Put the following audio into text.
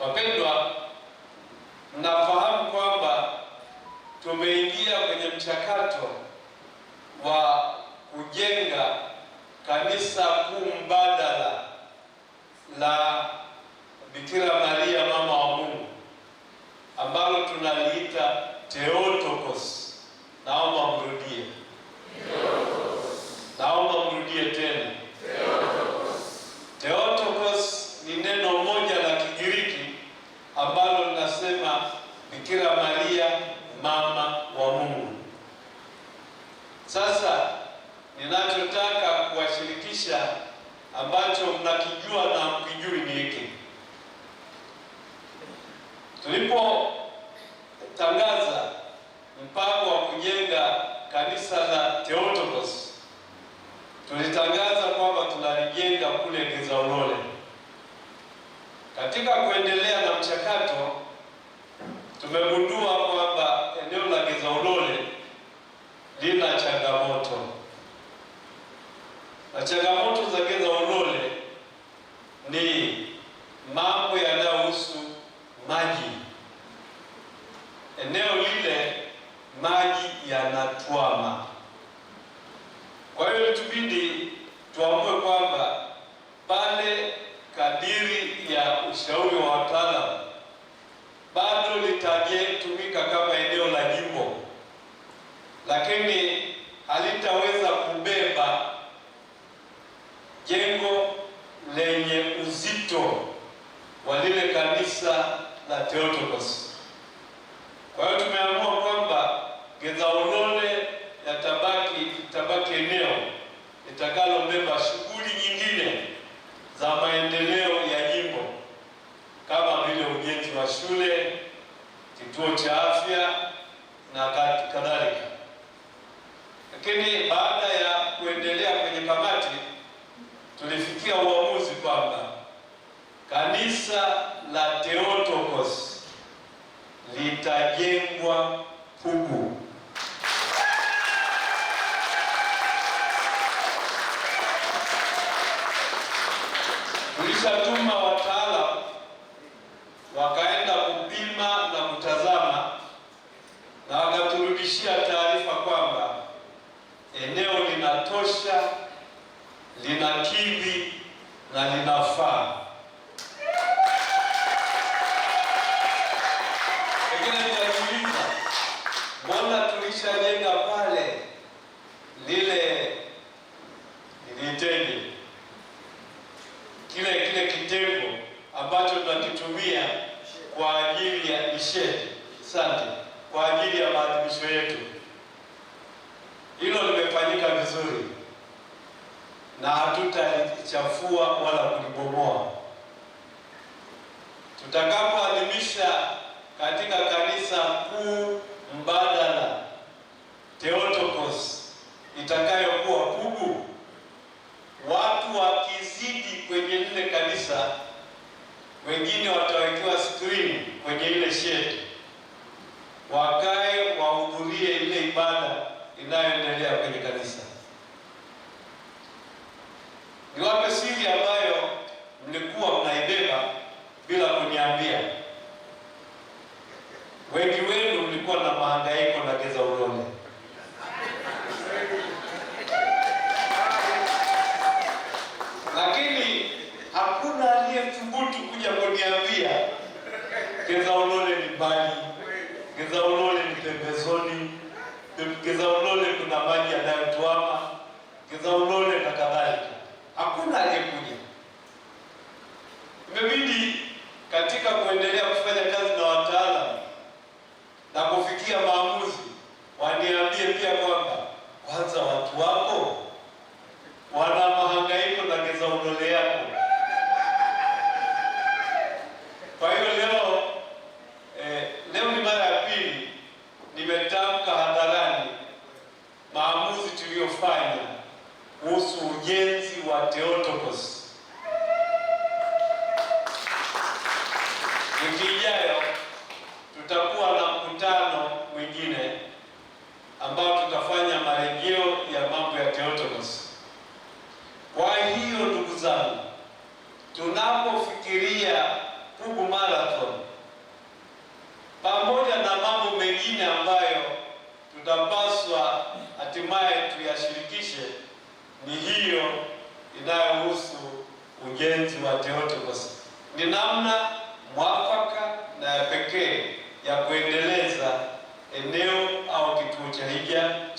Wapendwa, mnafahamu kwamba tumeingia kwenye mchakato wa kujenga kanisa kuu mbadala la Bikira Maria mama wa Mungu ambalo tunaliita teo kuwashirikisha ambacho mnakijua na mkijui ni hiki. Tulipotangaza mpango wa kujenga kanisa la Theotokos, tulitangaza kwamba tunalijenga kule Gezaulole. Katika kuendelea na mchakato tumegundua yanatwama. Kwa hiyo tubidi tuamue kwamba pale kadiri ya ushauri wa wataalamu bado litajetumika kama eneo la jimbo, lakini halitaweza kubeba jengo lenye uzito wa lile kanisa la Theotokos. Kwa hiyo tumeamua Gezaonole ya tabaki tabaki eneo litakalobeba shughuli nyingine za maendeleo ya jimbo kama vile ujenzi wa shule, kituo cha afya na kadhalika. Lakini baada ya kuendelea kwenye kamati, tulifikia uamuzi kwamba kanisa la Theotokos litajengwa Pugu. Tulishatuma wataalamu wakaenda kupima na kutazama na wakaturudishia taarifa kwamba eneo linatosha, linakidhi na linafaa. misheni asante kwa ajili ya maadhimisho yetu. Hilo limefanyika vizuri na hatutachafua wala kulibomoa. Tutakapoadhimisha katika kanisa kuu mbadala Theotokos itakayokuwa Pugu, watu wakizidi kwenye lile kanisa, wengine watawekewa skrini kwenye ile shehe, wakae wahudhurie ile ibada inayo Ngezaulole ni pembezoni, Ngezaulole kuna maji yanayotuama, Ngezaulole na kadhalika, hakuna aliyekuja. Imebidi katika kuendelea kufanya kazi na wataalamu na kufikia Wiki ijayo tutakuwa na mkutano mwingine ambao tutafanya marejeo ya mambo ya Theotokos. Kwa hiyo ndugu zangu, tunapofikiria Pugu Marathon pamoja na mambo mengine ambayo tutapaswa hatimaye tuyashirikishe, ni hiyo inayohusu ujenzi wa Theotokos, ni namna mwaka Aleluia.